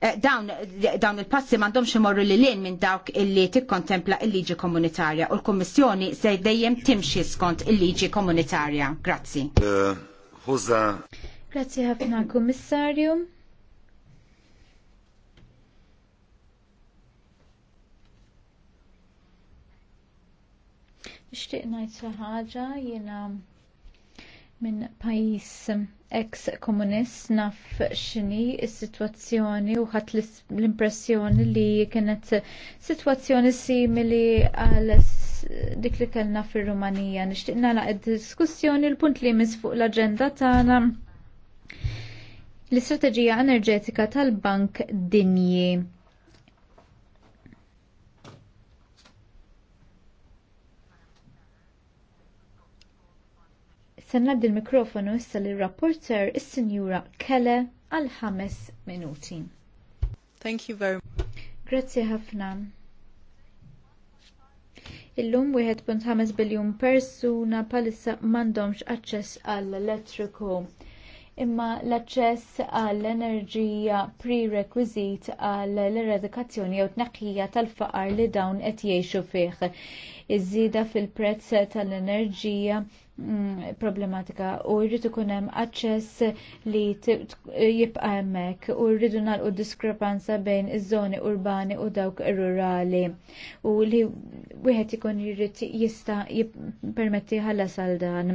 Eh, dawn, dawn il-passi m'għandhomx imorru li lin minn dawk illi tikkontempla il-liġi komunitarja u l-Kummissjoni se dejjem timxi skont il-liġi komunitarja. Grazzi. Eh, Grazzi ħafna Kummissarju. Nixtieq ngħid xi ħaġa minn pajis ex-komunist naf x'inhi s-sitwazzjoni u ħadd l-impressjoni li kienet sitwazzjoni simili għal dik li kellna fir-Rumanija. Nixtieq nagħlaq id-diskussjoni l-punt li jmiss fuq l-aġenda tagħna l-istrateġija enerġetika tal-Bank Dinji Se ngħaddi l-mikrofonu issa lir-rapporter is-Sinjura Kelle għal ħames minuti. Thank you very much. Grazzi ħafna. Illum wieħed punt ħames biljun persuna bħalissa m'għandhomx aċċess għall elettriku imma l-aċċess għall enerġija prerequisit għall l-eradikazzjoni jew tneħħija tal-faqar li dawn qed jgħixu fih. Iż-żieda fil-prezz tal-enerġija Mm, problematika u jrid ikun hemm aċċess li jibqa' hemmhekk u rridu nagħlqu diskrepanza bejn iż-żoni urbani u dawk rurali u li wieħed ikun jrid jista' jippermetti ħallas għal dan.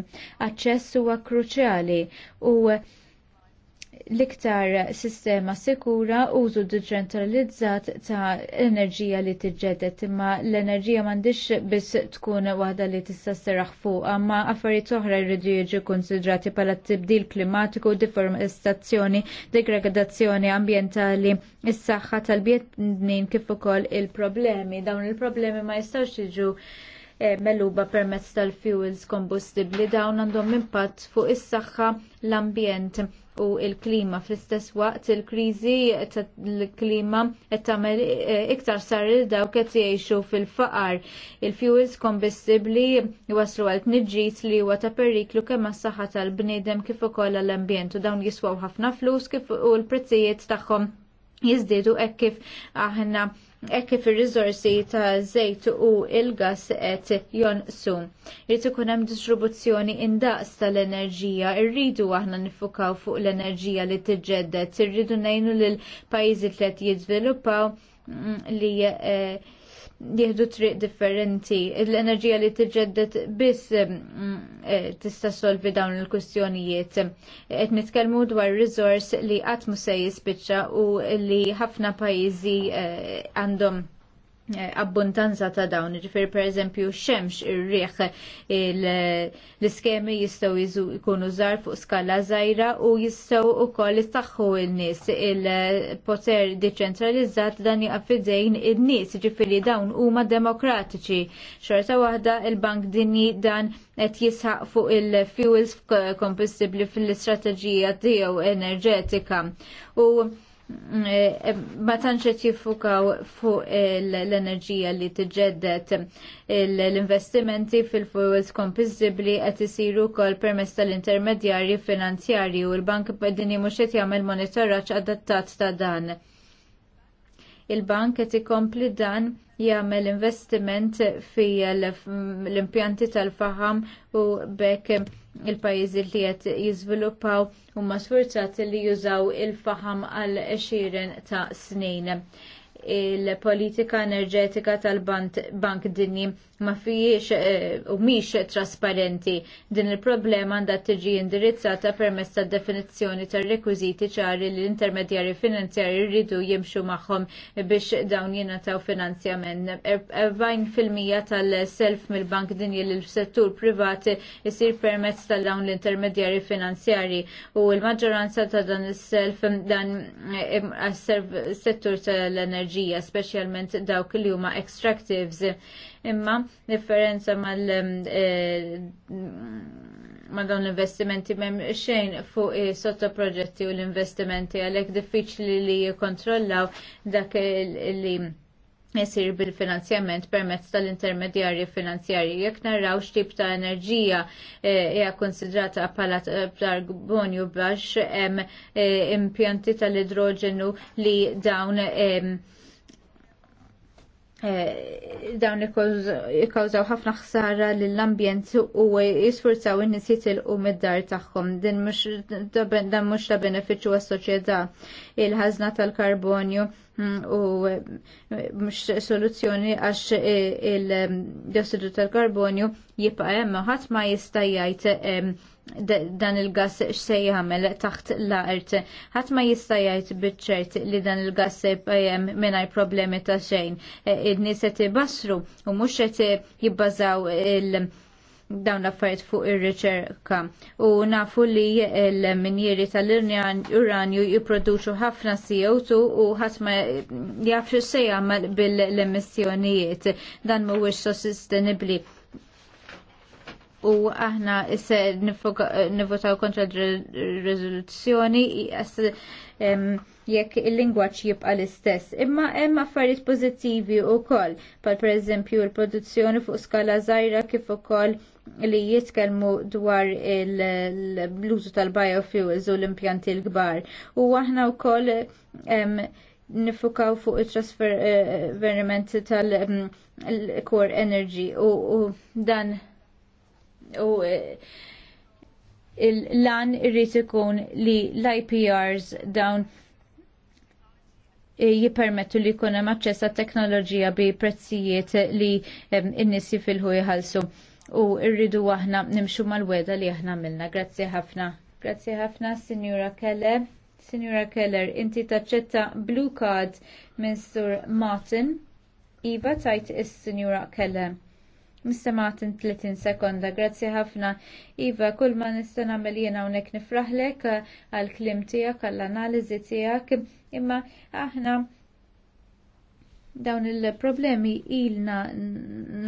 Aċċess huwa kruċjali u l-iktar sistema sikura użu deċentralizzat ta' enerġija li tiġġedet imma l-enerġija m'għandix biss tkun waħda li tista' seraħ fuq, ma affarijiet oħra jridu jiġu konsidrati bħala tibdil klimatiku, deforestazzjoni, degradazzjoni ambjentali, is-saħħa tal-bjednin kif ukoll il-problemi. Dawn il-problemi ma jistgħux jiġu Eh, meluba permezz tal-fuels kombustibbli dawn għandhom impatt fuq is-saħħa l-ambjent u l klima fl-istess waqt il-kriżi tal-klima qed tagħmel eh, iktar sar dawk qed jgħixu fil-faqar. Il-fuels kombustibbli waslu għal tniġġis li huwa ta' periklu kemm għas-saħħa tal-bniedem kif ukoll għall-ambjent u dawn jiswaw ħafna flus kif u l-prezzijiet tagħhom jiżdiedu hekk kif aħna hekk kif ir-riżorsi ta' żejt u il-gas qed jonqsu. Irid ikun hemm distribuzzjoni indaqs tal-enerġija, irridu aħna nifukaw fuq l-enerġija li tiġġedded, irridu ngħinu lill pajjiżi li qed jiżviluppaw mm, li eh, jieħdu triq differenti. L-enerġija li tiġġedded biss mm, eh, tista' solvi dawn il-kwistjonijiet. Qed nitkellmu dwar riżors li qatt sejis jispiċċa u li ħafna pajjiżi eh, għandhom Eh, abbundanza ta' dawn, ġifir per eżempju xemx ir riħ l-iskemi jistaw jkunu żar fuq skala żgħira u jistaw ukoll jistaħħu n-nies il-poter deċentralizzat dan jaqfidejn in-nies, ġifieri dawn huma demokratiċi. Xorta waħda il-Bank Dinji dan qed jisħaq fuq il-fuels kompostibbli fil-istrateġija tiegħu enerġetika. U ma tantx qed jiffukaw fuq l-enerġija li tiġġedded l-investimenti fil-fuels kompiżibbli qed isiru wkoll permezz tal-intermedjarji finanzjarji u l-Bank Dinji mhux qed jagħmel monitoraġġ adattat ta' dan il-bank qed ikompli dan jagħmel investiment fi l-impjanti tal-faħam u bekk il-pajjiżi li qed jiżviluppaw huma sfurzati li jużaw il-faħam għal xiren ta' snin il-politika enerġetika tal-Bank Dinji ma fiex eh, u miex trasparenti. Din il-problema għandha tiġi indirizzata permezz ta' definizzjoni tar rekwiżiti ċari li l-intermedjari finanzjari rridu jimxu magħhom biex dawn jingħataw finanzjament. Er- mija tal-self mill-Bank Dinji lill settur privati jisir permezz tal dawn l-intermedjari finanzjari u l-maġġoranza ta' dan is-self dan eh, eh, settur tal-enerġija enerġija speċjalment dawk li huma extractives. Imma differenza mal eh, ma dawn l-investimenti mem xejn fuq sottoproġetti u l-investimenti għalhekk diffiċli li jikkontrollaw dak li jessir bil-finanzjament permezz tal-intermedjarji finanzjarji. Jekk narraw x'tip ta' enerġija eh, hija e, konsidrata bħala karbonju bax hemm eh, impjanti tal-idroġenu li dawn Eh, dawn ikkawżaw ħafna ħsara lill-ambjent u jisfurzaw in-nies jitilqu mid-dar tagħhom. Din mhux da benefiċċju għas-soċjetà il-ħazna tal-karbonju mm, u mux mm, soluzzjoni għax e, il-diossidu tal-karbonju jibqa' hemm ħadd ma jista' jgħid dan il-gas x'se jagħmel taħt l-art. Ħadd ma jista' jgħid biċċert li dan il-gas se hemm mingħajr problemi ta' xejn. E, In-nies qed u mhux qed jibbażaw il- dawn l-affarijiet fuq ir-riċerka u nafu li l-minjeri tal-uranju jipproduċu ħafna CO2 u ħatma jafxu sejja bil-emissjonijiet dan mhuwiex sostenibbli u aħna isse nivotaw kontra r-rezoluzzjoni jekk il-lingwaċ jibqa l-istess. Imma hemm affarijiet pożittivi wkoll, pal eżempju l-produzzjoni fuq skala żgħira kif ukoll li jitkellmu dwar l-użu tal-biofuels u l-impjanti l-kbar. U aħna wkoll nifukaw fuq it-trasferiment eh, eh, tal-core energy u dan u e, l-lan irrit ikun li l-IPRs dawn e, jipermettu li jkun hemm teknoloġija bi prezzijiet li e, n-nies jifilħu u rridu aħna nimxu mal-weda li aħna milna. Grazzi ħafna. Grazzi ħafna, Sinjura Kelle. Signora Keller, inti taċċetta blue card minn Sur Martin. Iva tajt is signora Keller in 30 sekonda, grazzi ħafna. Iva, kull ma nista' nagħmel jien hawnhekk nifraħlek eh, għal klim tiegħek, għall analiżi tiegħek, imma aħna dawn il-problemi ilna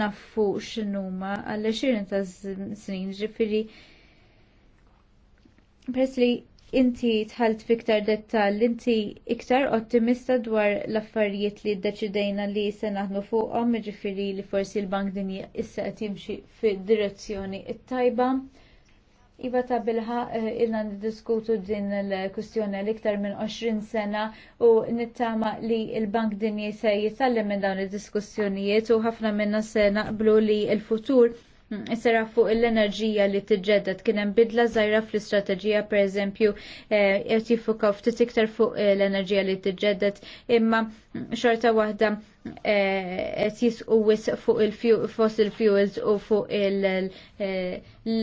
naffu x'inhuma għall xirin ta' snin ġifieri. Peress li inti tħalt fiktar dettall, inti iktar ottimista dwar l-affarijiet li ddeċidejna li se naħdmu fuqhom, jiġifieri li forsi l-Bank Dinji issa qed jimxi fid-direzzjoni t-tajba. Iva ta' bilħa eh, illa diskutu din l-kustjoni l-iktar minn 20 sena u nittama li l bank Dinji se jitgħallem minn dawn id-diskussjonijiet u ħafna minna se naqblu li l-futur Mm, isera fuq l-enerġija li tiġġedded kien hemm bidla żgħira fl-istrateġija pereżempju eh, qed jiffukaw ftit iktar fuq l-enerġija li tiġedet imma xorta waħda qed jisqu wis fuq il-fossil fuels u fuq eh,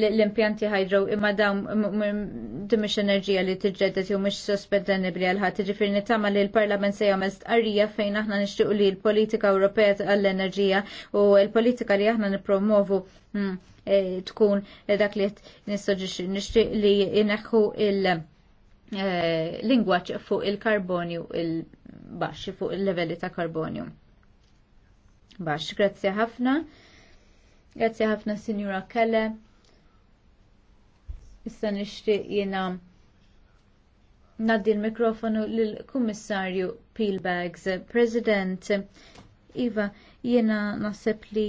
l-impjanti ħajdro imma dawn mhux enerġija li tiġġedet jew mhux sospettenibbli għal ħadd. Ġifieri nittama li l-Parlament se jagħmel stqarrija fejn aħna nixtiequ li l-politika Ewropea għall-enerġija u l-politika li aħna nippromovu mm, eh, tkun dak li nixtieq li jneħħu il- eh, lingwaċ fuq il-karbonju il-baxxi fuq il leveli ta' karbonju. Bax, grazzi ħafna. Grazzi ħafna Signora Kelle. Issa nixtieq jiena naddi l-mikrofonu lill-Kummissarju Peelbags, President. Iva, jiena naħseb li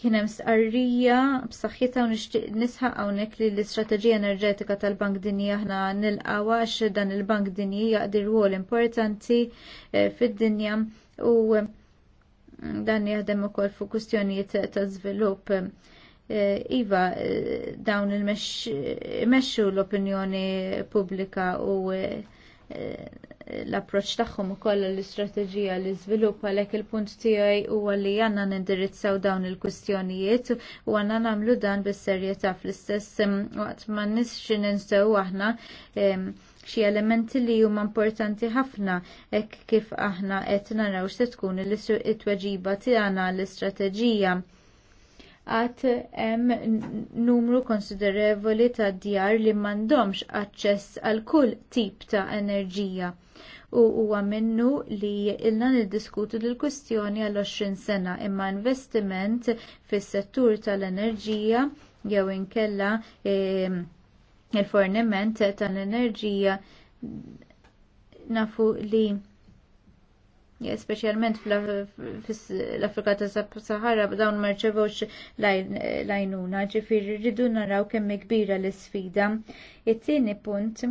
kien hemm stqarrija b'saħħitha u nixtieq nisħaq hawnhekk li l-istrateġija enerġetika tal-Bank Dinji aħna nilqgħu għax dan il-Bank Dinji jaqdi rwol importanti eh, fid-dinja u mm, dan jaħdem ukoll fuq kwistjonijiet ta' żvilupp. E, iva, e, dawn il-mexxu l-opinjoni pubblika u e, l-approċ tagħhom ukoll l-istrateġija li żvilupp għalhekk il-punt tiegħi huwa li għandna nindirizzaw dawn il-kwistjonijiet u għandna nagħmlu dan bis-serjetà fl-istess mm, waqt ma nix ninsew aħna xi elementi li huma importanti ħafna hekk kif aħna qed naraw se tkun it-tweġiba tiegħna l-istrateġija. Għat hemm numru konsiderevoli ta' djar li m'għandhomx aċċess għal kull tip ta' enerġija u huwa minnu li ilna niddiskutu l kwistjoni għal 20 sena imma investiment fis-settur tal-enerġija jew inkella eh, il-forniment tal-enerġija nafu li specialment fl-Afrika ta' Sahara dawn marċevux lajnuna ġifiri rridu naraw kemm kbira l-sfida. It-tieni punt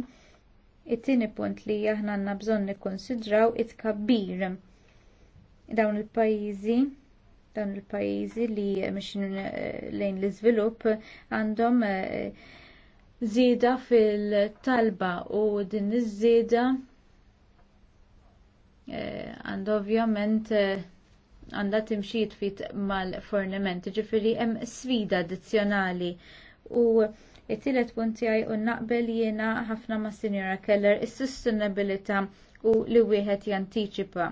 it-tieni punt li aħna għandna bżonn nikkonsidraw it-kabbir dawn il-pajjiżi dawn il-pajjiżi li mhix eh, lejn l-iżvilupp għandhom uh, żieda fil-talba u din iż-żieda eh, għand ovvjament eh, għandha timxi tfit mal-forniment, ġifiri hemm sfida addizzjonali u it-tielet punt tiegħi u naqbel jiena ħafna ma' Sinjora Keller is-sustenabilità u li wieħed jantiċipa.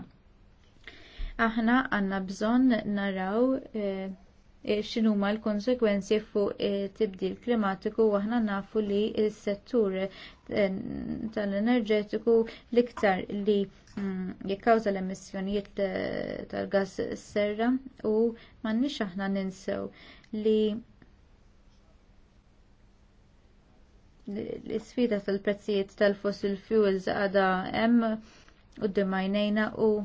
Aħna għandna bżonn naraw eh, Eh, x'inhuma l-konsekwenzi fuq tibdil klimatiku u aħna nafu li s-settur eh, tal-enerġetiku l-iktar li mm, jikkawża l-emissjonijiet eh, tal-gas serra u m'għandniex aħna ninsew li l-isfida tal-prezzijiet tal-fossil fuels għadha hemm u d u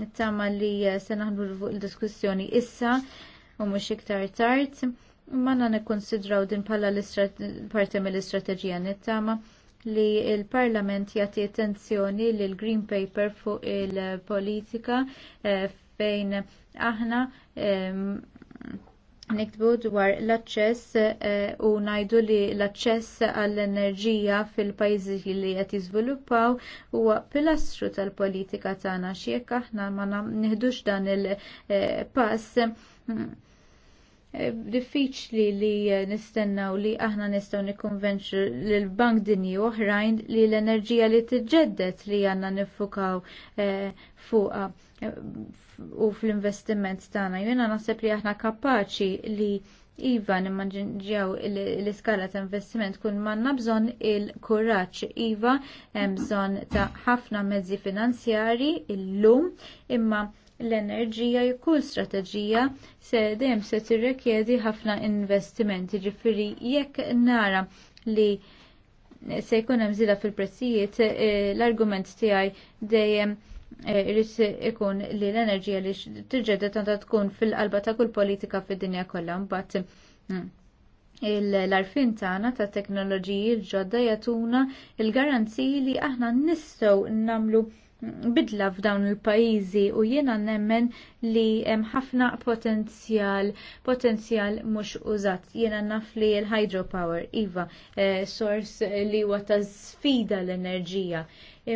nittama li eh, se naħdu fuq il-diskussjoni issa u mhux iktar tard. Manna nikkonsidraw din bħala parti mill-istrateġija nittama li il-Parlament jagħti attenzjoni lil Green Paper fuq il-politika eh, fejn aħna niktbu dwar l-aċċess eh, u ngħidu li l-aċċess għall-enerġija fil-pajjiżi li qed jiżviluppaw huwa pilastru tal-politika tagħna jekk aħna ma nieħdux dan il-pass eh, Eh, diffiċli li eh, nistennaw li aħna nistgħu nikkonvenċu l bank dinji oħrajn li l-enerġija li t-ġeddet li għandna niffukaw eh, fuqa u fl-investiment tagħna. Jiena naħseb li aħna kapaċi li Iva, nimmanġinġjaw l-iskala ta' investiment kun manna bżon il-kuraċ. Iva, bżon ta' ħafna mezzi finanzjari il-lum, imma l-enerġija kull strateġija se dejjem se tirrekjedi ħafna investimenti. Ġifiri, jekk nara li se jkun hemm fil-prezzijiet, eh, l-argument tiegħi dejjem Eh, irrid ikun li l-enerġija li tiġġedet għandha tkun fil-qalba ta' kull politika fid-dinja kollha mbagħad mm, l-arfin tagħna ta' teknoloġiji l-ġodda jagħtuna l garanziji li aħna nistgħu nagħmlu bidla f'dawn il-pajjiżi u jiena nemmen li hemm ħafna potenzjal, potenzjal mhux użat. Jiena naf li l-hydropower iva eh, sors li huwa ta' sfida l-enerġija.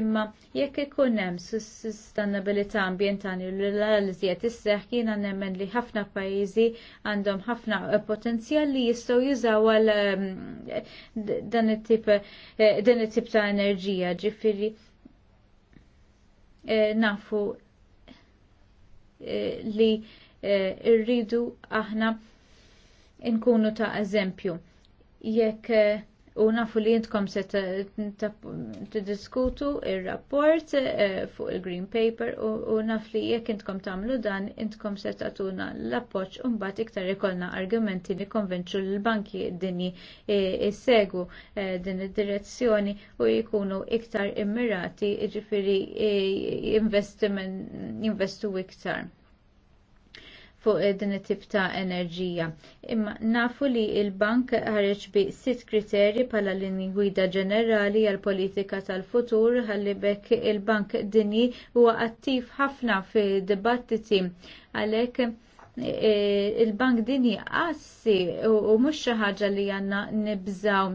Imma jekk ikun hemm sustainabilità ambjentali u l-għalżiet isseħ jiena nemmen li ħafna pajjiżi għandhom ħafna eh, potenzjal li jistgħu jużaw għal eh, eh, dan it-tip ta' enerġija ġifieri Eh, nafu eh, li eh, rridu aħna nkunu ta' eżempju. Jekk u nafu li jintkom se t-diskutu il-rapport eh, fuq il-Green Paper u naf li jek jintkom tamlu dan jintkom se tatuna l-appoċ unbat iktar ikolna argumenti li konvenċu l-banki dinji eh, segu eh, din id-direzzjoni u jikunu iktar immirati ġifiri investu iktar fuq eh, din it-tip ta' enerġija. Imma nafu li l bank ħareġ bi sitt kriterji bħala linji gwida ġenerali għall politika tal-futur ħalli bekk il-bank dinji huwa attiv ħafna fi dibattiti għalhekk E, il-bank dini qassi u mhux xi ħaġa li għandna nibżaw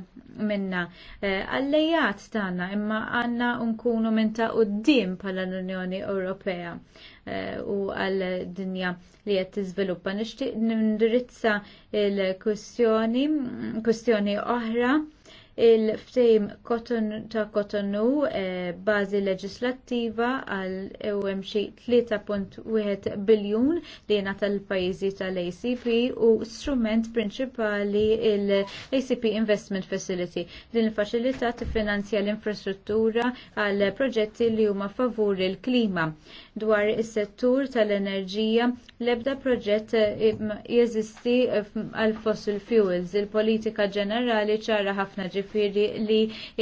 minna e, għallejat tagħna imma għandna nkunu minn ta' quddiem bħala l-Unjoni Ewropea e, u għal dinja li qed tiżviluppa. Nixtieq nindirizza il-kwistjoni kwistjoni oħra il-ftejm ta' Kotonu eh, bażi leġislattiva għal ewem 3.1 biljun li tal-pajjiżi tal-ACP u strument prinċipali il-ACP Investment Facility. Din il-faċilità tiffinanzja l-infrastruttura għal proġetti li huma favur il-klima dwar is-settur tal-enerġija l-ebda proġett eh, jeżisti eh, għal fossil fuels. Il-politika ġenerali ċara ħafna ġifieri li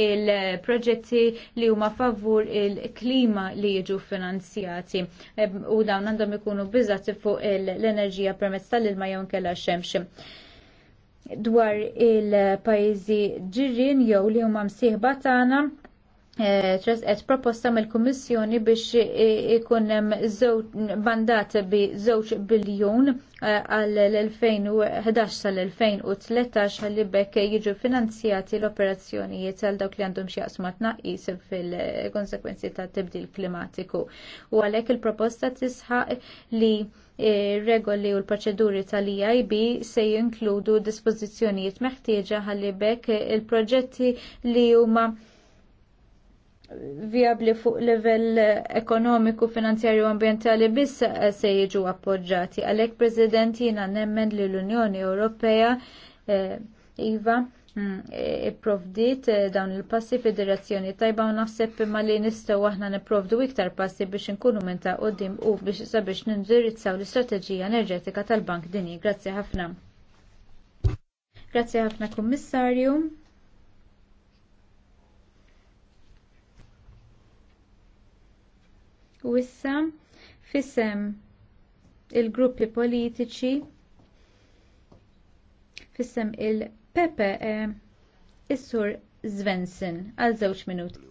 il-proġetti li huma favur il-klima li jiġu finanzjati eh, u dawn għandhom ikunu biżati fuq l-enerġija permezz tal-ilma jew kella xemx dwar il-pajjiżi ġirien jew li huma msieħba tagħna Eh, tresqet proposta mill-Kummissjoni biex ikun hemm bandat bi żewġ biljun eh, għal l-2011 tal 2013 għalli bekk jiġu finanzjati l-operazzjonijiet għal dawk li għandhom xi jaqsmu tnaqqis fil-konsekwenzi ta' tibdil klimatiku. U għalhekk il-proposta tisħaq li eh, regoli u l-proċeduri tal-EIB se jinkludu dispożizzjonijiet meħtieġa għalli bekk il-proġetti li huma viabli fuq livell ekonomiku, finanzjarju ambientali biss eh, se jiġu appoġġati. Għalhekk President jiena nemmen li l-Unjoni Ewropea eh, iva mm, eh, ipprovdit dawn il-passi federazzjoni direzzjoni tajba u naħseb imma li nistgħu aħna nipprovdu iktar passi biex inkunu minn ta' qudiem u biex sabiex nindirizzaw l-istrateġija enerġetika tal-Bank Dini. Grazzi ħafna. Grazzi ħafna Kummissarju. U issa fisem il-gruppi politiċi fissem il ppe is-sur Svensson għal żewġ minuti.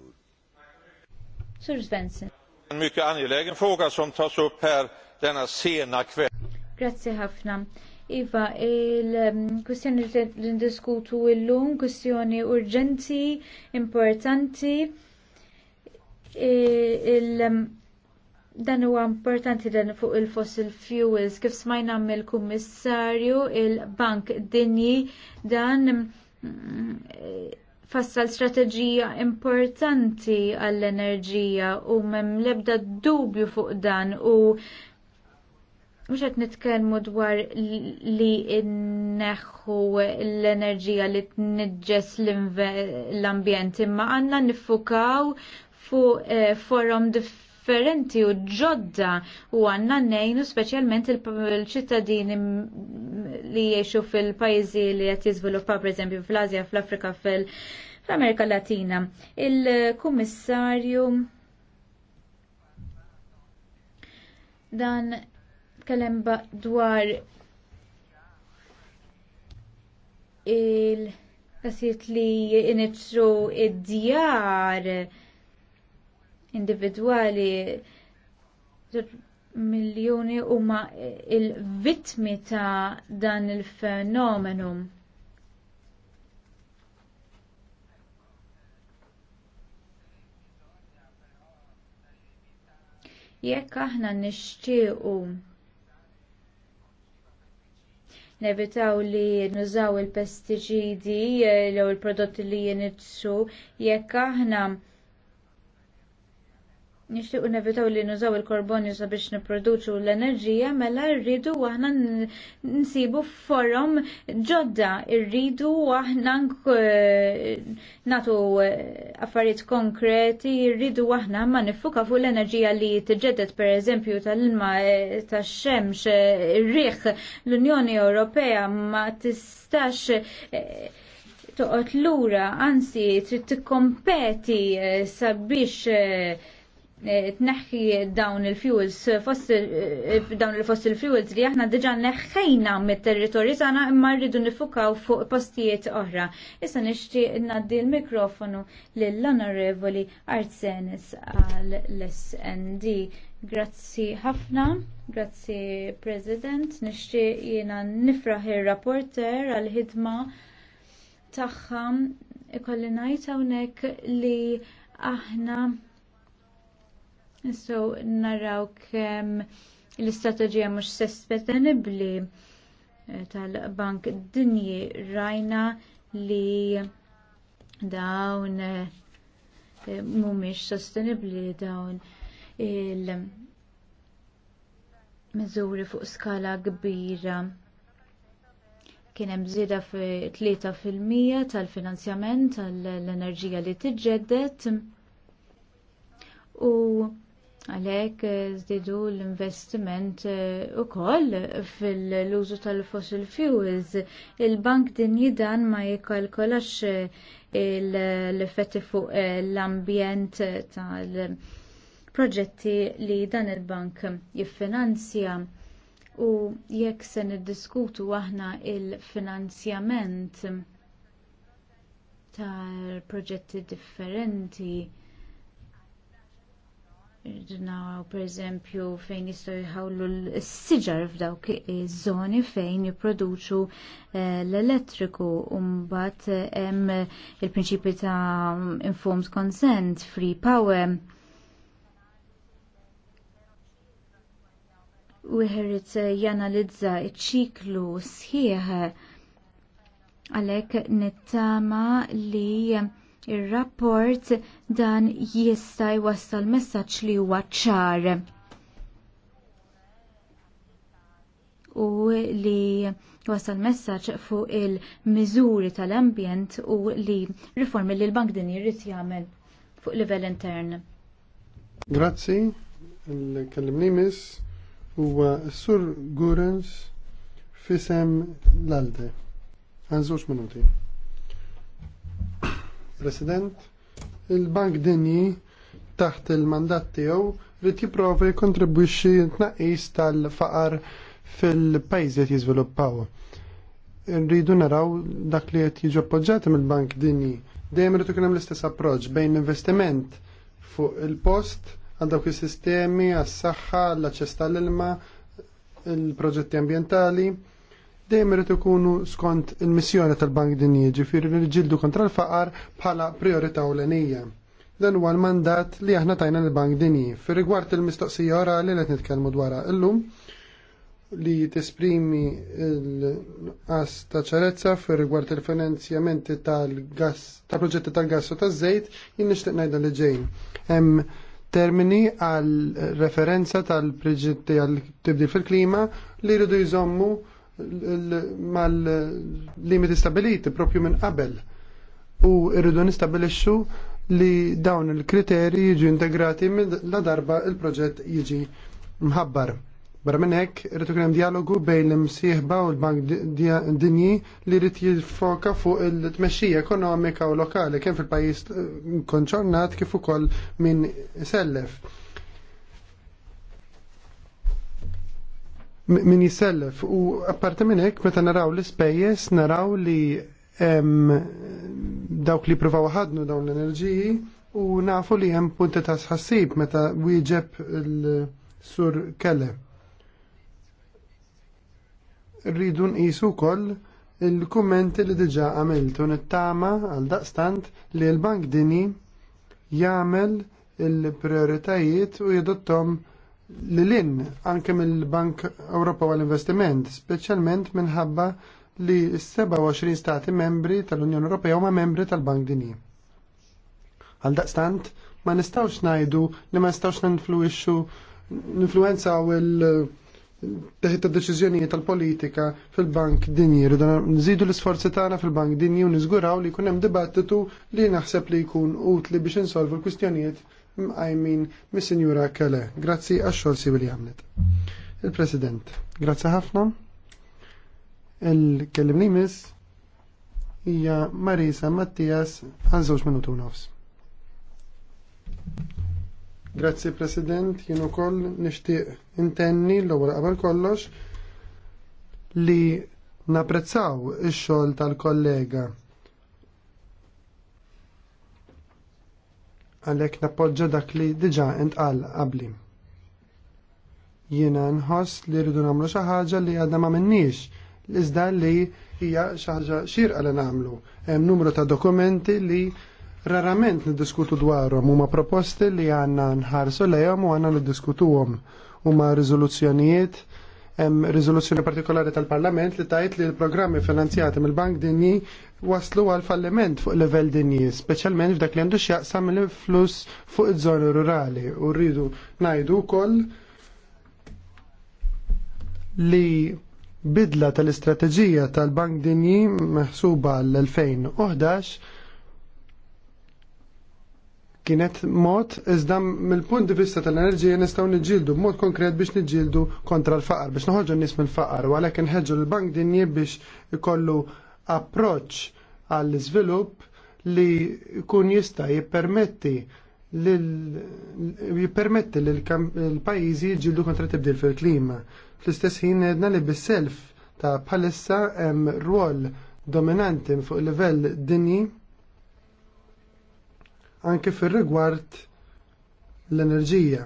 Sur Svensson. En mycket angelägen fråga som tas upp här denna sena kväll. Grazie ħafna. Iva, il ehm, l-indiskutu il-lum, kwestjoni urġenti, importanti, il- ehm, dan huwa importanti dan fuq il-fossil fuels kif smajna mill-kummissarju il-Bank Dinji dan mm, fassal strateġija importanti għall-enerġija u mem lebda dubju fuq dan u mux għet nitkelmu dwar li neħu l-enerġija li t-nidġes l-ambjent imma għanna nifukaw fuq eh, forum differenti differenti u ġodda u għanna nejnu specialment il-ċittadini li jiexu fil pajzi li għet jizviluppa, per eżempju, fl-Azja, fl-Afrika, fl-Amerika Latina. Il-Kummissarju dan kellem dwar il-qasiet li initru id-djar individwali miljoni huma il-vitmi ta' dan il-fenomenu. Jekk aħna nixtiequ nevitaw li nużaw il-pestiċidi jew il-prodotti li jinitsu jekk aħna nixtiequ nevitaw li nużaw il-korbonju sabiex nipproduċu l-enerġija mela rridu aħna nsibu forom ġodda, rridu aħna natu eh, affarijiet konkreti, rridu aħna ma nifuka fuq l-enerġija li tiġġedet per eżempju tal-ilma eh, tax-xemx, eh, ir-riħ, l-Unjoni Ewropea ma tistax toqgħod lura, anzi trid tikkompeti sabiex Eh, tneħħi dawn il-fuels eh, dawn il-fossil fuels li aħna diġa neħħejna mit-territorju tagħna imma rridu nifukaw fuq postijiet oħra. Issa nixtieq ngħaddi l-mikrofonu lill-Onorevoli Arsenis għal l-SND. Grazzi ħafna, grazzi President, nixtieq jiena nifraħ ir-rapporter għal ħidma tagħha ikolli ngħid hawnhekk li aħna So naraw kem l-istrateġija mhux sostenibbli eh, tal-Bank Dinji rajna li dawn eh, mhumiex sostenibbli dawn il miżuri fuq skala kbira kien hemm żieda fi 3% tal-finanzjament tal-enerġija li tiġġedded u Għalek zdidu eh, l-investiment eh, u koll fil-użu tal-fossil fuels. Il-bank din jidan ma jikalkolax eh, l-effetti fuq l-ambjent tal-proġetti li dan il-bank jiffinanzja u jekk se niddiskutu aħna il-finanzjament tal-proġetti differenti Naw, per eżempju, fejn jistgħu jħawlu l-siġar f'dawk iż-żoni fejn jipproduċu eh, l-elettriku u mbagħad eh, hemm il-prinċipju ta' informed consent, free power. Wieħed eh, janalizza iċ ċiklu sħiħ għalhekk nittama li Ir-rapport dan jista' jwassal messaġġ li huwa ċar u li wasal messaġġ fuq il-miżuri tal-ambjent u li riformi li l-bank din jirrid jagħmel fuq livell intern. Grazzi, l-kellimni miss huwa Sur Gurens fisem l-Alde. Għan minuti. President. Il-Bank Dinji taħt il-mandat tiegħu rid jipprova jikkontribwixxi tnaqqis tal-faqar fil-pajjiż li jiżviluppaw. Rridu naraw dak li qed jiġu appoġġjat mill-Bank Dinji. Dejjem irid ikun hemm l-istess approċċ bejn investiment fuq il-post għal dawk is-sistemi għas-saħħa, l-aċċess tal-ilma, il-proġetti ambjentali dejjem irid ikunu skont il-missjoni tal-Bank Dinji ġifieri li ġildu kontra l-faqar bħala priorità ewlenija. Dan huwa l-mandat li aħna tajna l-Bank Dinji. Firigward rigward il-mistoqsija orali li qed nitkellmu dwarha illum li tesprimi l-qas ta' ċarezza fir rigward il-finanzjamenti tal-gas, ta' proġetti tal-gas u taż-żejt, jien nixtieq ngħidha li ġejn. Hemm termini għal referenza tal-proġetti għal tibdil fil-klima li jridu jżommu mal-limiti stabiliti propju minn qabel u irridu nistabilixxu li dawn il-kriteri jiġu integrati la darba il-proġett jiġi mħabbar. Barra minn hekk irid ikun hemm dialogu bejn l-imsieħba u l-Bank Dinji li rrid jiffoka fuq il-tmexxija ekonomika u lokali kemm fil-pajjiż konċernat kif ukoll minn sellef min jisellef u apparti minn hekk meta naraw l-ispejjeż naraw li dawk li provaw ħadnu dawn l-enerġiji u nafu li hemm punti ta' sħassib meta wieġeb l-sur kelle. Rridu nqisu wkoll il-kummenti li diġà għamiltu nittama għal daqstant li l-Bank Dini jagħmel il-prioritajiet u jadottom li lin anke mill-Bank Ewropa għal-Investiment, speċjalment minħabba li s-27 stati membri tal-Unjoni Ewropea huma membri tal-Bank Dinji. Għal daqstant, ma nistawx najdu li ma nistawx ninfluwixxu influenza u l teħit ta' deċiżjonijiet tal-politika fil-Bank Dinji. Rridu nżidu l-isforzi tagħna fil-Bank Dinji u niżguraw li jkun hemm dibattitu li naħseb li jkun utli biex insolvu l-kwistjonijiet mqajmin mis-Sinjura Kele. Grazzi għax-xogħol siwi li għamlet. Il-President, grazzi ħafna. Il-kellim li hija Marisa Mattias għal żewġ minutu nofs. Grazzi President, jien ukoll nixtieq intenni l-ewwel qabel kollox li napprezzaw ix-xogħol tal-kollega għalhekk nappoġġa dak li diġà intqal qabli. Jiena nħoss li rridu nagħmlu xi ħaġa li għadna ma minnix iżda li hija xi ħaġa xirqa li nagħmlu. Hemm numru ta' dokumenti li rarament niddiskutu dwarhom huma proposti li għandna nħarsu lejhom u għandna niddiskutuhom huma riżoluzzjonijiet Hemm riżoluzzjoni partikolari tal-Parlament li tajt li l-programmi finanzjati mill-Bank Dinji waslu għal falliment fuq level dinji, speċjalment f'dak li għandu x'jaqsam il-flus fuq iż-żoni rurali u rridu ngħidu wkoll li bidla tal-istrateġija tal-Bank Dinji meħsuba l-2011 kienet mod iżda mill-punt di vista tal-enerġija nistgħu niġġieldu b'mod konkret biex niġildu kontra l-faqar biex noħorġu n-nies mill-faqar u għalhekk inħeġġu l-bank dinji biex ikollu approċċ għall iżvilupp li jkun jista' jippermetti jippermetti li l-pajjiżi jġildu kontra tibdil fil-klima. Fl-istess ħin għedna li bis-self ta' bħalissa hemm rwol dominanti fuq livell dinji anke fir-rigward l-enerġija.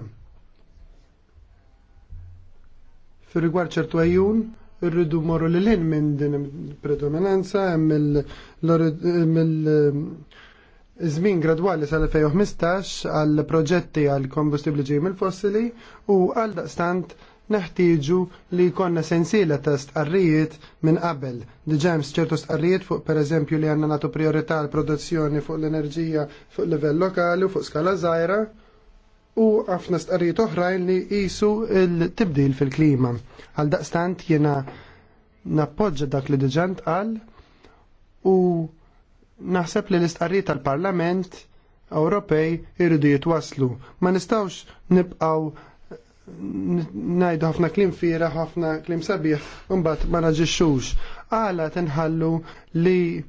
Fir-rigward ċertu għajjun, irridu morru l lin minn din predominanza hemm il-żmien gradwali sal-2015 għal proġetti għal kombustibbli ġej mill-fossili u għal daqstant neħtieġu li jkollna sensiela ta' stqarrijiet minn qabel. Diġem ċertu stqarrijiet fuq pereżempju li għandna nagħtu priorità l produzzjoni fuq l-enerġija fuq livell lokali u fuq skala żgħira u ħafna stqarrijiet oħrajn li qisu l-tibdil fil-klima. Għal daqstant jiena nappoġġa dak li diġant tqal: u naħseb li l-istqarrijiet tal-Parlament Ewropej irridu jitwaslu. Ma nistawx nibqaw najdu ħafna klim fira, ħafna klim sabiħ, unbat ma naġixxux. Għala tinħallu li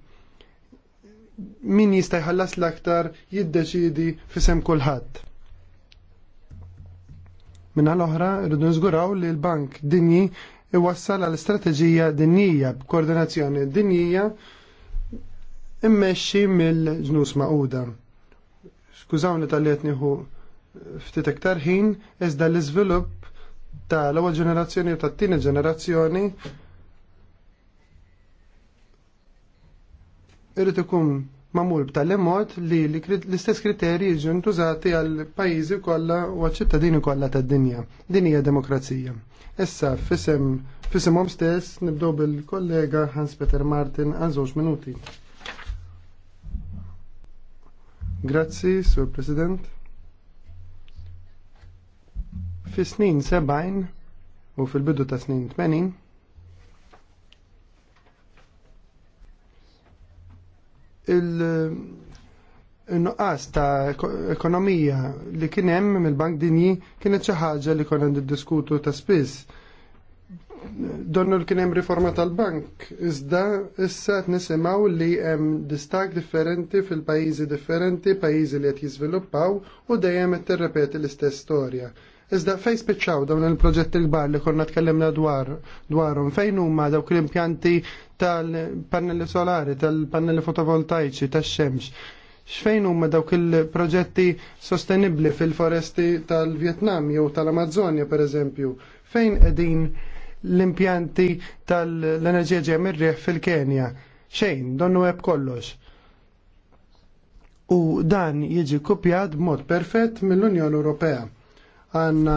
min jista' jħallas l-aktar jiddeċidi fisem kulħadd. Minna l-oħra rridu nżguraw li l-bank dinji iwassal għal strateġija dinjija b'koordinazzjoni dinjija immexxi mill-ġnus maquda. Skużawni tal-li ftit iktar ħin iżda l-iżvilupp ta' l-ewwel ġenerazzjoni u tat-tieni ġenerazzjoni Irid ikun magħmul b'tali mod li l-istess kriterji jiġu ntużati għal pajjiżi kollha u għaċ-ċittadini kollha tad-dinja. Din hija demokrazija. Issa fisem fisimhom stess nibdew bil-kollega Hans Peter Martin għal żewġ minuti. Grazzi, Sur President. Fis-snin 70 u fil-bidu ta' snin 80 il- nuqqas ta' ekonomija li kien hemm mill-Bank Dinji kienet xi ħaġa li konna niddiskutu ta' spiss. Donnu li kien hemm riforma tal-bank, iżda issa qed nisimgħu li hemm distak differenti fil-pajjiżi differenti, pajjiżi li qed jiżviluppaw u dejjem qed tirrepeti l-istess storja. Iżda fejn spiċċaw dawn il-proġetti l-kbar li konna tkellimna dwar dwarhom fejn huma dawk l-impjanti tal-pannelli solari, tal-pannelli fotovoltaiċi, tax-xemx. Xfejn huma dawk il-proġetti sostenibbli fil-foresti tal-Vjetnam jew tal-Amazzonja pereżempju? Fejn qegħdin l-impjanti tal-enerġija ġejja fil-Kenja? Xejn, donnu eb kollox. U dan jiġi kopjat b'mod perfett mill-Unjoni Ewropea għanna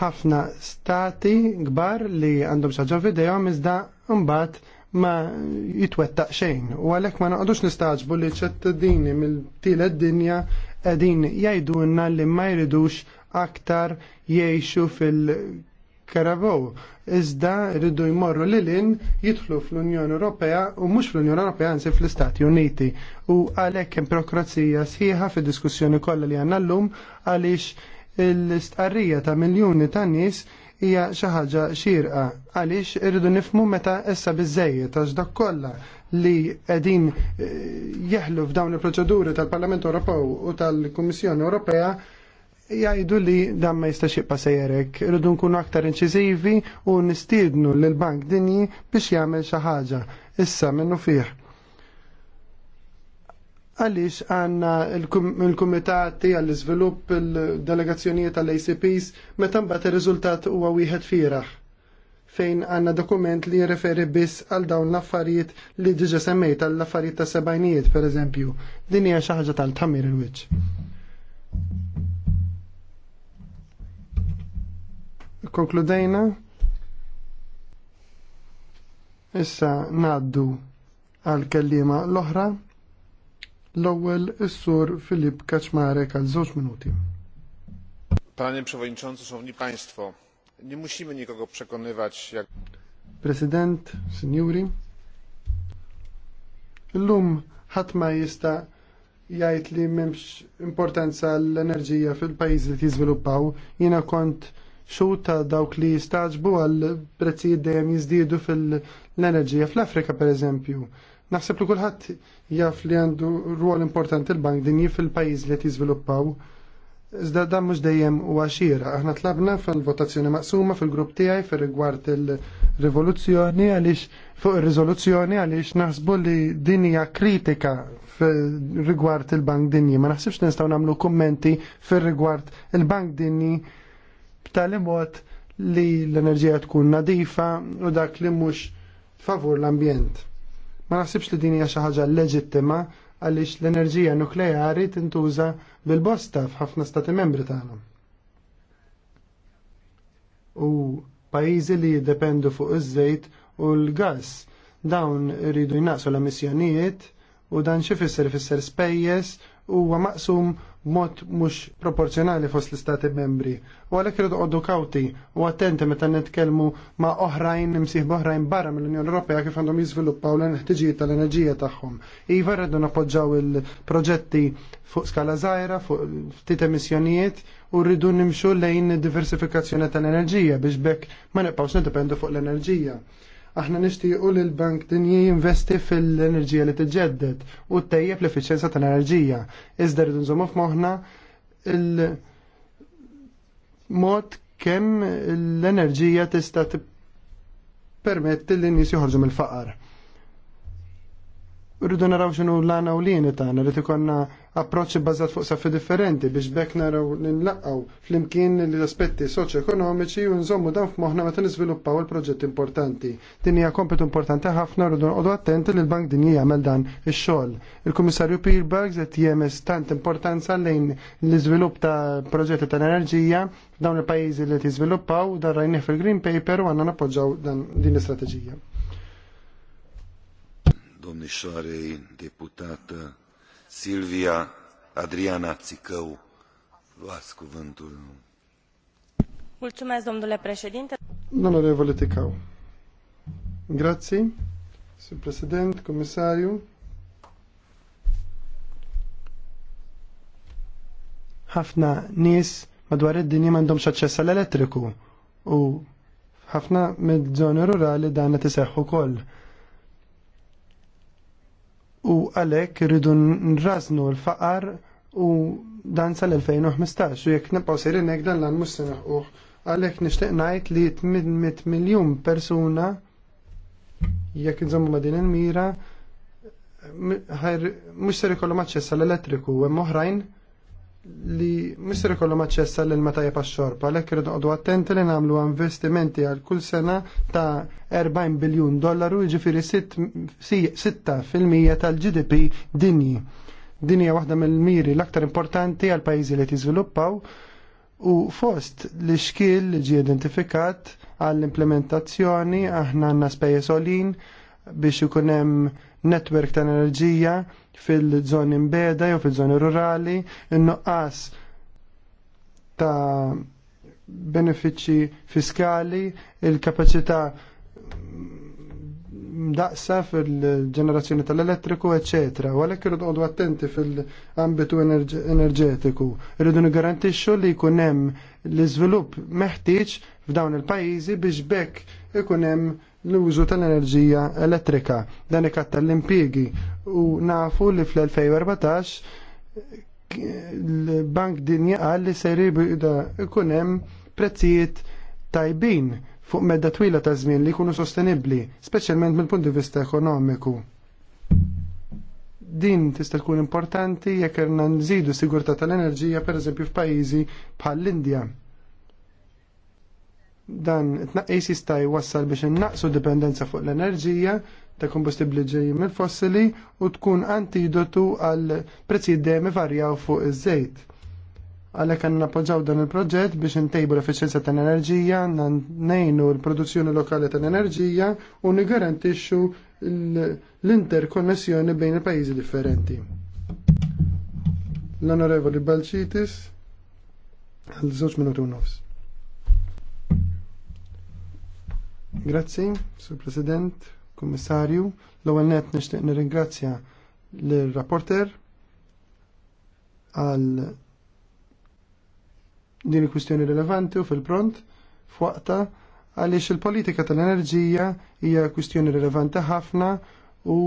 ħafna stati kbar li għandhom xaġa f'idejhom iżda mbagħad ma jitwettaq xejn. U għalhekk ma naqdux nistaġbu li ċettadini mill-tielet dinja qegħdin jgħidulna li ma jridux aktar jgħixu fil karavow. Iżda rridu jmorru l lin jidħlu fl-Unjoni Ewropea u mhux fl-Unjoni Ewropea anzi fl-Istati Uniti. U għalhekk hemm prokrazija sħiħa fid-diskussjoni kollha li għandna llum għaliex l-istqarrija ta' miljuni ta' nies hija xi ħaġa xirqa għaliex irridu nifmu meta issa biżejjed għax dak kollha li qegħdin eh, jeħlu f'dawn il-proċeduri tal-Parlament Ewropew u tal-Kummissjoni Ewropea jgħidu li dan ma jistax jibqa' sejjerek, irridu nkunu aktar inċiżivi u nistiednu lill bank Dinji biex jagħmel xi ħaġa issa minnu fih għaliex għanna il-kumitati għall-izvilupp il-delegazzjonijiet għall-ACPs meta mbagħad ir-riżultat huwa wieħed fieraħ fejn għanna dokument li jirreferi biss għal dawn l-affarijiet li ġiġa semmejt għall affarijiet ta' sebajnijiet per eżempju. Din hija xi ħaġa tal-tamir il-wiċċ. Konkludejna. Issa naddu għal kellima l-oħra. L-ewwel is-sur Filip Kaczmarek għal żewġ minuti. Panie Przewodniczący, Szanowni Państwo, nie musimy nikogo przekonywać jak... Prezydent, Signori, l-lum ħatma jista' jgħid li m'hemmx importanza l-enerġija fil-pajjiż li jiżviluppaw, jiena kont xuta dawk li jistaġbu għal prezzijiet dejjem jiżdiedu fil-enerġija fl-Afrika pereżempju. Naħseb li kulħadd jaf li għandu ruol importanti l-bank dinji fil-pajjiż li jiżviluppaw. Iżda dan mhux dejjem huwa xira. Aħna tlabna fil-votazzjoni maqsuma fil-grupp tiegħi fir-rigward il-rivoluzzjoni għaliex fuq ir-riżoluzzjoni għaliex naħsbu li din hija kritika fir-rigward il-bank dinji. Ma naħsibx nistgħu nagħmlu kummenti fir-rigward il-bank dinji b'tali mod li l-enerġija tkun nadifa u dak li mhux favur l-ambjent Ma naħsibx li din hija xi ħaġa leġittima għaliex l-enerġija nukleari tintuża bil-bosta f'ħafna stati membri tagħna. U pajjiżi li jiddependu fuq iż-żejt u l-gass dawn iridu jnaqsu l-emissjonijiet u dan xi fisser fisser spejjeż huwa maqsum mod mhux proporzjonali fost l-istati membri. U għalhekk irid għoddu kawti u attenti meta nitkellmu ma' oħrajn imsieħb oħrajn barra mill-Unjoni Ewropea kif għandhom jiżviluppaw l-ħtiġijiet tal-enerġija tagħhom. Iva rridu nappoġġaw il-proġetti fuq skala żgħira, fuq ftit emissjonijiet u rridu nimxu lejn diversifikazzjoni tal-enerġija biex bekk ma nibqgħux nidependu fuq l-enerġija. Aħna nixtiequ li l-Bank Dinji jinvesti fil-enerġija li tiġġedded u ttejjeb l-effiċjenza tal-enerġija. Iżda rridu nżommu f'moħħna il-mod kemm l-enerġija tista' permetti li nies joħorġu mill-faqar. Rridu naraw xinu l-għana u l-jieni tagħna li konna approċċi bazzat fuq saffi differenti biex bekk naraw nlaqqaw flimkien l-aspetti soċjoekonomiċi u nżommu dan f'moħħna meta niżviluppaw il-proġett importanti. Din hija kompetu importanti ħafna u noqogħdu attenti li l-Bank Dinji jagħmel dan ix-xogħol. Il-Kummissarju Peerberg qed jemes tant importanza lejn l-iżvilupp ta' proġetti tal-enerġija dawn il-pajjiżi li tiżviluppaw u darrajni fil-Green Paper u għandna nappoġġaw din l-istrateġija. Domni xari deputata Silvia Adriana Țicău. Luați cuvântul. Mulțumesc, domnule președinte. Onorevole Ticău. Grazie, Sir President, Commissariu. Ħafna nies madwar id-dinja m'għandhomx aċċess għall elettriku u ħafna mid-żoni rurali dan qed iseħħ ukoll u għalek rridu nraznu l-faqar u dan sal-2015 u jek nipaw sirin jek dan lan mux u għalek nishtiq najt li 800 miljon persuna jek nżommu ma din il-mira mux ser ikollu maċċessa l-elettriku u moħrajn li misser kollu maċċessa l ilma tajjeb għax-xorb, għalhekk irid attenti li nagħmlu investimenti għal kull sena ta' 40 biljun dollaru, jiġifieri 6% tal-GDP dinji. Din hija waħda mill-miri l-aktar importanti għal pajjiżi li tiżviluppaw u fost li xkil li ġie identifikat għall-implementazzjoni aħna għandna spejjeż olin biex ikun hemm netwerk ta' enerġija fil-żoni mbeda jew fil-żoni rurali, in-nuqqas ta' benefiċċji fiskali, il-kapaċità daqsa fil-ġenerazzjoni tal-elettriku, ecc. U għalhekk irridu għodu attenti fil-ambitu enerġetiku. Irridu nigarantixxu li jkun hemm l-iżvilupp meħtieġ f'dawn il-pajjiżi biex bekk ikun hemm l-użu tal-enerġija elettrika. Dan ikatta l-impiegi u nafu li fl-2014 l-Bank Dinja qal li se jibda ikunem hemm prezzijiet tajbin fuq medda twila ta' żmien li jkunu sostenibbli, speċjalment mill-punt di vista ekonomiku. Din tista' tkun importanti jekk irna nżidu sigurtà tal-enerġija pereżempju f'pajjiżi bħall-Indja. Dan it-naqqis jista' jwassal biex innaqsu dipendenza fuq l-enerġija ta' kombustibbli ġejjin mill-fossili u tkun antidotu għal prezzijiet dejjem varjaw fuq iż-żejt. Għalhekk għandna nappoġġaw dan il-proġett biex intejbu l-effiċjenza tal-enerġija, nejnu l-produzzjoni lokali tal-enerġija u nigarantixxu l-interkonnessjoni bejn il-pajjiżi differenti. L-Onorevoli Balċitis, għal żewġ minuti u nofs. Grazzi, Sur President, Kummissarju. L-ewwel net nixtieq nirringrazzja l-rapporter għal din il-kwistjoni rilevanti u fil-pront f'waqta għaliex il-politika tal-enerġija hija kwistjoni rilevanti ħafna u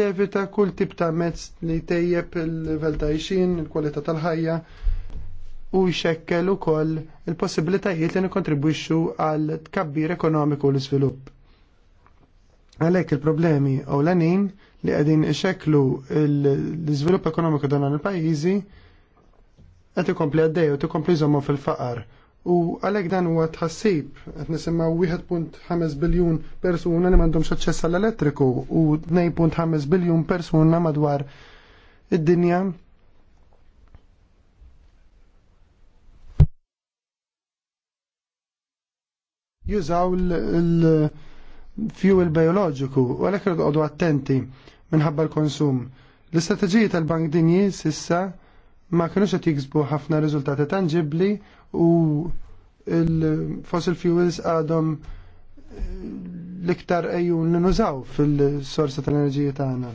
tevita kull tip ta' mezz li tejjeb il velta ta' il-kwalità tal-ħajja u jxekkel ukoll il-possibilitajiet li nikkontribwixxu għal tkabbir ekonomiku l iżvilupp Għalhekk il-problemi ewlenin li qegħdin ixekklu l-iżvilupp ekonomiku dan il-pajjiżi qed ikompli għaddej u tikompli żommhom fil-faqar. U għalhekk dan huwa tħassib qed nisimgħu 1.5 biljun persuna li m'għandhomx aċċess għall-elettriku u 2.5 biljun persuna madwar id-dinja jużaw il fuel biologiku u għalek irqodu attenti minħabba l-konsum. L-istrateġiji tal-Bank Dinji sissa ma kienux qed jiksbu ħafna riżultati tangibbli u il-fossil fuels għadhom l-iktar ejjun li nużaw fil-sorsa tal-enerġija tagħna.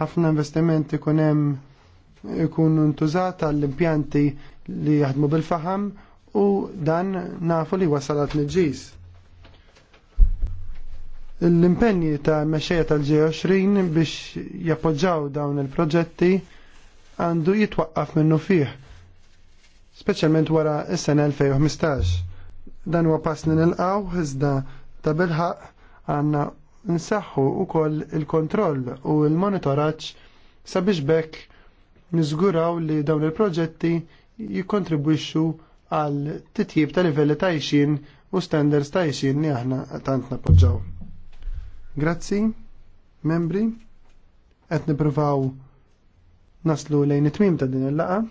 Ħafna investimenti kun hemm ikunu ntużat għall impjanti li jaħdmu bil-faham u dan nafu li wasalat l ġis. L-impenji ta' meċeja tal-G20 biex jappoġġaw dawn il-proġetti għandu jitwaqqaf minnu fih, speċjalment wara s-sena 2015. Dan huwa pass li nilqaw iżda ta' bilħaq għandna nsaħħu wkoll il-kontroll u l-monitoraġġ sabiex bekk niżguraw li dawn il-proġetti jikkontribwixxu għal titjib ta' livelli ta' jxin u standards ta' jxin li aħna tant napoġġaw. Grazzi, membri, qed nippruvaw naslu lejn it-tmim ta' din il-laqa.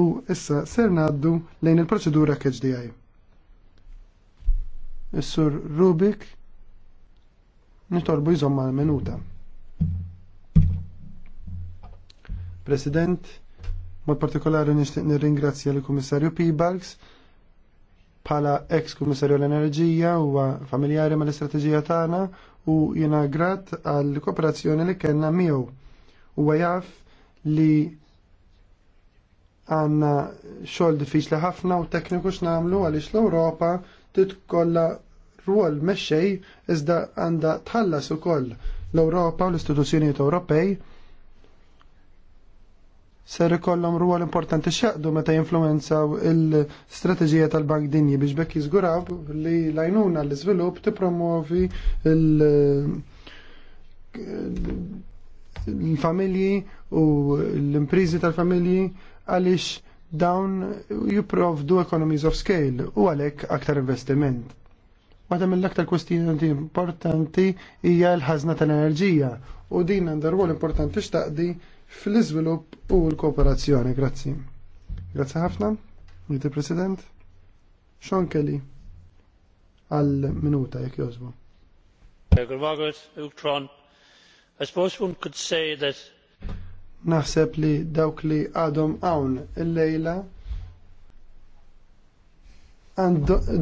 U issa ser naddu lejn il-proċedura KHDI. Is-sur Rubik nitorbu jżomma l-minuta. President, Mod partikolari nixtieq nirringrazzja l-Kummissarju Pibalks bħala ex Kummissarju l-Enerġija huwa familjari mal-istrateġija tagħna u jiena grat għall kooperazzjoni li kellna miegħu. Huwa jaf li għandna xogħol diffiċli ħafna u tekniku x'namlu għaliex l-Ewropa titkolla rwol mexxej iżda għandha tħallas ukoll l-Ewropa u l-istituzzjonijiet Ewropej ser ikollhom rwol importanti x'jaqdu meta jinfluwenzaw il-strateġija tal-Bank Dinji biex bekk jiżguraw li lajnuna l-iżvilupp tippromovi il-familji u l-imprizi tal-familji għaliex dawn jipprovdu economies of scale u għalhekk aktar investiment. Waħda mill-aktar kwestjoni importanti hija l-ħażna tal-enerġija u din għandha rwol importanti x'taqdi fl izvilup u l-kooperazzjoni. Grazzi. Grazzi ħafna, Mr. President. Sean Kelly għal minuta jek jozbu. Naħseb li dawk li għadhom għawn hawn illejla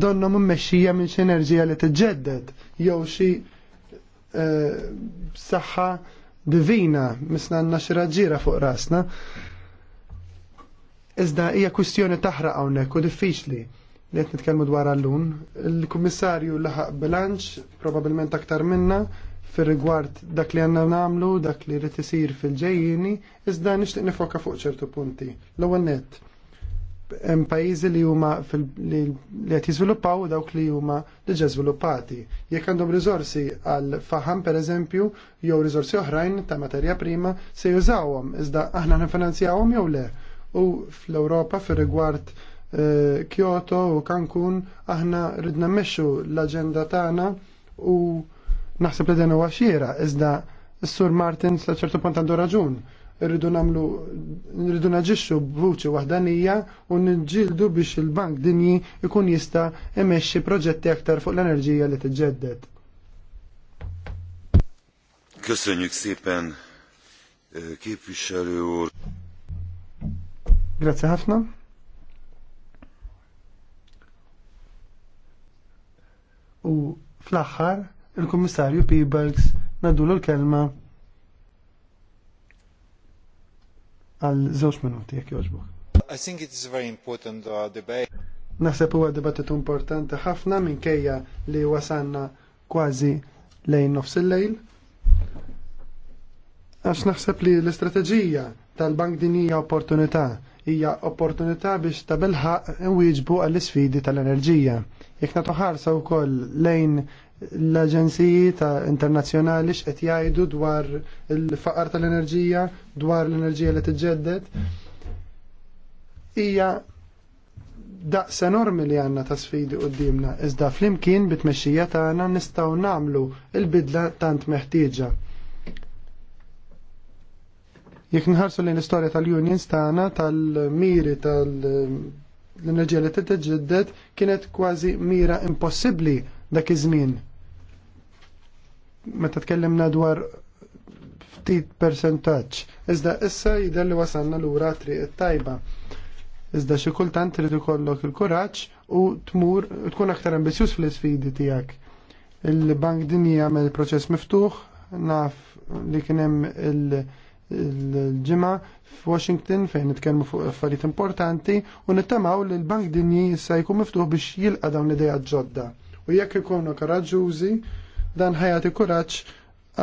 donnom m-meċxija minn xi enerġija li t-ġeddet jew xie eh, saħħa divina, misna għanna xiraġġira fuq rasna. Iżda hija kwistjoni taħraq hawnhekk u diffiċli li qed nitkellmu dwar għallun. Il-kummissarju laħaq bilanċ probabbilment aktar minna fir rigward dak li għanna namlu, dak li rrid isir fil-ġejjini, iżda nixtieq nifoka fuq ċertu punti. L-ewwel nett hemm pajjiżi li huma li qed jiżviluppaw dawk li huma diġà żviluppati. Jekk għandhom riżorsi għal faħam pereżempju jew riżorsi oħrajn ta' materja prima se jużawhom iżda aħna nifinanzjawhom jew le. U fl-Ewropa fir-rigward eh, Kyoto u Cancun aħna ridna mmexxu l-aġenda tagħna u naħseb li dan huwa xiera iżda s-Sur Martin sa ċertu punt għandu raġun irridu namlu irridu naġixxu b'vuċi waħdanija u nġildu biex il-Bank Dinji ikun jista' imexxi proġetti aktar fuq l-enerġija li tiġġedded. Köszönjük szépen, eh, képviselő úr! Grazie ħafna. U fl-axħar, il-Kummissarju Peebles nadulu l-kelma għal żewġ minuti jekk jogħġbok. I think it's a very important uh, debate. Naħseb huwa dibattitu importanti ħafna minkejja li wasanna kważi lejn nofs il-lejl. Għax naħseb li l-istrateġija tal-bank din hija opportunità hija opportunità biex tabelħaq wieġbu għall isfidi tal-enerġija. Jekk nagħtu ħarsa wkoll lejn l-aġenziji ta' internazzjonali x'qed jgħidu dwar il-faqar tal-enerġija, dwar l-enerġija li tiġġedded hija daqs enormi li għanna ta' sfidi qudiemna, iżda flimkien bit-mexxija tagħna nistgħu nagħmlu il-bidla tant meħtieġa. Jekk nħarsu lejn l-istorja tal-unions tagħna tal-miri tal-enerġija li titġeddet kienet kważi mira impossibbli dak iż-żmien meta tkellimna dwar ftit percentaġġ. Iżda issa jidher li wasalna lura triq tajba. Iżda xi kultant trid ikollok il-kuraġġ u tmur tkun aktar ambizjuż fl-isfidi tiegħek. Il-Bank Dinji għamel proċess miftuħ, naf li kien hemm il-ġimgħa f'Washington fejn nitkellmu fuq affarijiet importanti u nittamaw li l-Bank Dinji issa jkun miftuħ biex jilqa' dawn l-idejat ġodda. U jekk ikunu karaġġużi, dan ħajati kuraġġ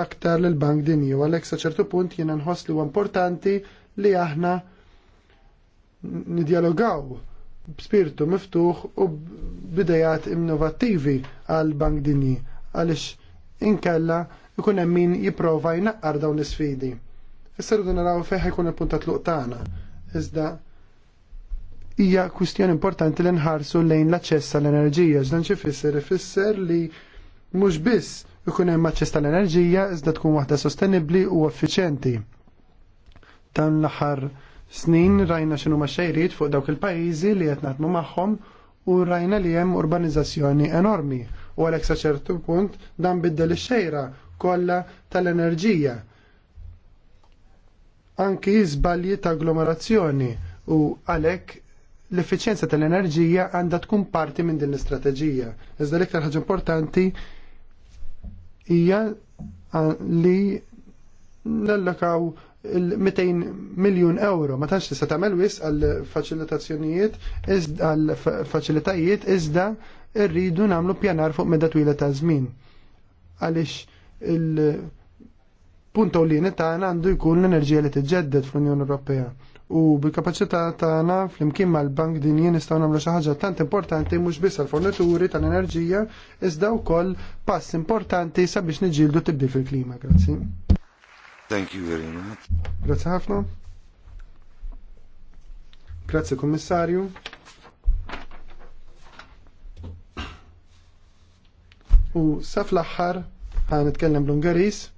aktar lil bank dinji u għalhekk sa ċertu punt jiena nħoss li huwa importanti li aħna nidjalogaw b'spirtu miftuħ u b'idejat innovattivi għal bank dinji għaliex inkella ikun hemm min jipprova jnaqqar dawn l-isfidi. Issa rridu naraw fejn ikun il-puntat luq tagħna. Iżda hija kwistjoni importanti li nħarsu lejn l-aċċess għall-enerġija. Ġdan xi fisser ifisser li mhux biss ikun hemm aċċess tal-enerġija iżda tkun waħda sostenibbli u effiċjenti. Dan l-aħħar snin rajna x'inhu xejrid fuq dawk il-pajjiżi li qed naħdmu magħhom u rajna li hemm urbanizzazzjoni enormi u għalhekk sa ċertu punt dan biddel ix-xejra kollha tal-enerġija. Anki żbalji ta' agglomerazzjoni u għalhekk l-effiċjenza tal-enerġija għandha tkun parti minn din l-istrateġija. Iżda l-iktar ħaġa importanti hija li nallakaw il-200 miljon euro. Ma tax tista' tagħmel wis għal faċilitazzjonijiet għal faċilitajiet iżda rridu nagħmlu pjanar fuq medda twila ta' żmien. Għaliex il-punta u li tagħna għandu jkun l-enerġija li tiġġedded fl-Unjoni Ewropea u bil-kapacità tagħna flimkien mal-bank jien nistgħu nagħmlu xi ħaġa tant importanti mhux biss għall-fornituri tal-enerġija iżda wkoll pass importanti sabiex niġildu tibdil fil-klima. Grazzi. Thank you very much. Grazzi ħafna. Grazzi kommissarju. U sa fl-aħħar ħan nitkellem bl-Ungaris